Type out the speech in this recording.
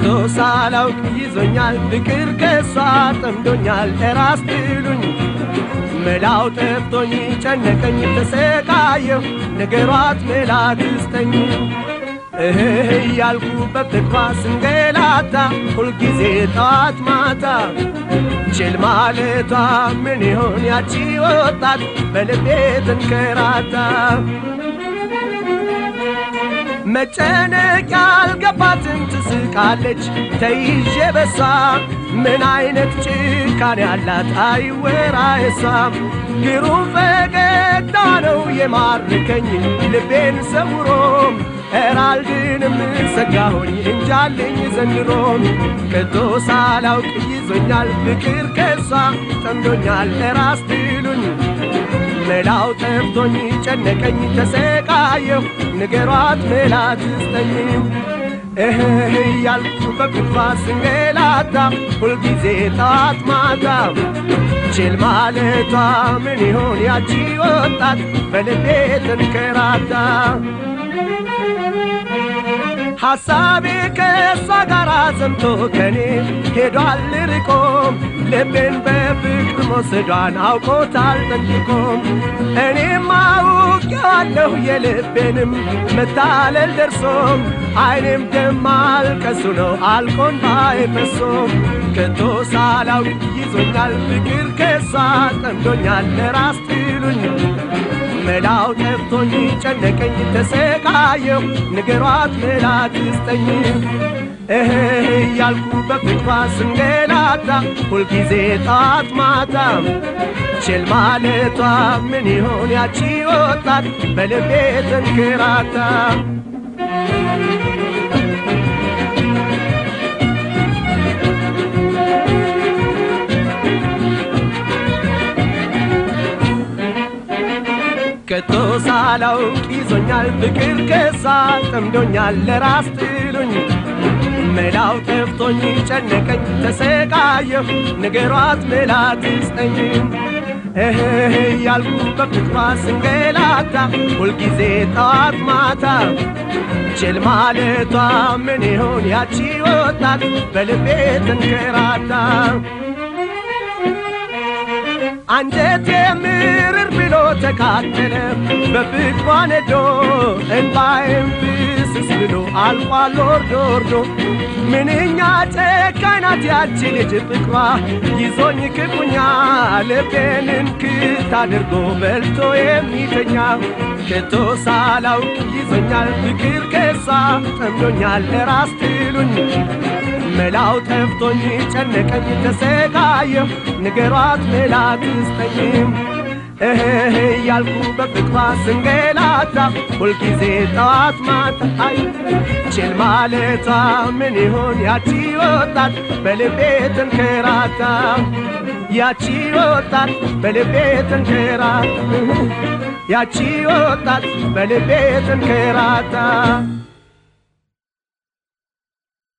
ከቶ ሳላውቅ ይዞኛል ፍቅር ከሷ ጠምዶኛል እራስ ትሉኝ መላው ጠፍቶኝ ጨነቀኝ ተሰቃየሁ ነገሯት መላ ግስተኝ እህ እያልኩ በፍቅሯ ስንገላታ ሁልጊዜ ጠዋት ማታ ችል ማለቷ ምን ይሆን ያቺ ወጣት በልቤ ተንከራታ መጨነቅ ያልገባትን ወድቃለች ተይዤ በሳ ምን አይነት ጭካን ያላት አይወራ እሳ ግሩም ፈገግታ ነው የማርከኝ ልቤን ሰውሮም ኤራልድንም ሰጋሆኝ እንጃልኝ ዘንድሮም ከቶ ሳላውቅ ይዞኛል ፍቅር ከሳ ጠምዶኛል ለራስ ትሉኝ ሌላው ጠብቶኝ ጨነቀኝ ተሰቃየሁ ንገሯት ሜላ ትስጠኝም እህህ እያልኩ በክንፋ ስንገላታ ሁልጊዜ ጠዋት ማታ ችል ማለቷ ምን ይሆን ያቺ ወጣት በልቤ ትንከራታ ሐሳቤ ከእሷ ጋር ዘምቶ ከኔ ሄዷል ርቆም ልቤን በብ ወስዷን አውቆታል ጠንቅቆም እኔም አውቄዋለሁ የልቤንም መታለል ደርሶም አይኔም ደማል ማልቀሱ ነው አልቆን ባይፈሶም ከቶ ሳላዊ ይዞኛል ፍቅር ከሷ ጠምዶኛል ለራስ ትሉኝ መላው ጠፍቶኝ ጨነቀኝ ተሰቃየሁ ንገሯት መላት ስጠኝ እህ እያልኩ በፍቅሯ ስንገላታ ሁልጊዜ ጠዋት ማታ ችል ማለቷ ምን ይሆን ያቺ ወጣት በልቤ ተንከራታ ከቶ ሳላውቅ ይዞኛል ፍቅር ከሳ ጠምዶኛል ለራስ ትሉኝ መላው ጠፍቶኝ ጨነቀኝ ተሰቃየሁ ነገሯት መላት ስጠኝ እህ እያልኩ በፍቅሯ ስንገላታ ሁልጊዜ ጠዋት ማታ ችል ማለቷ ምን ይሆን ያቺ ወጣት በልቤ ተንከራታ አንጀቴ ምርር ብሎ ተካተለ በፍቅሯ ነዶ እንባይም ፍስስ ብሎ አልፏል ወርዶ ወርዶ ምንኛ ጨካኝ ናት ያቺ ልጅ ፍቅሯ ይዞኝ ክፉኛ ልቤንን ክት አድርጎ በልቶ የሚተኛ ከቶ ሳላውቅ ይዞኛል ፍቅር ከሷ ጠምዶኛል ለራስ ትሉኝ መላው ተፍቶኝ ጨነቀኝ ተሰቃየሁ ንገሯት መላ ትስጠኝም እህህ እያልኩ በፍቅሯ ስንገላታ ሁልጊዜ ጠዋት ማታ ችል ማለቷ ምን ይሆን ያቺ ወጣት በልቤ ተንከራታ ያቺ ወጣት በልቤ ተንከራታ ያቺ ወጣት በልቤ ተንከራታ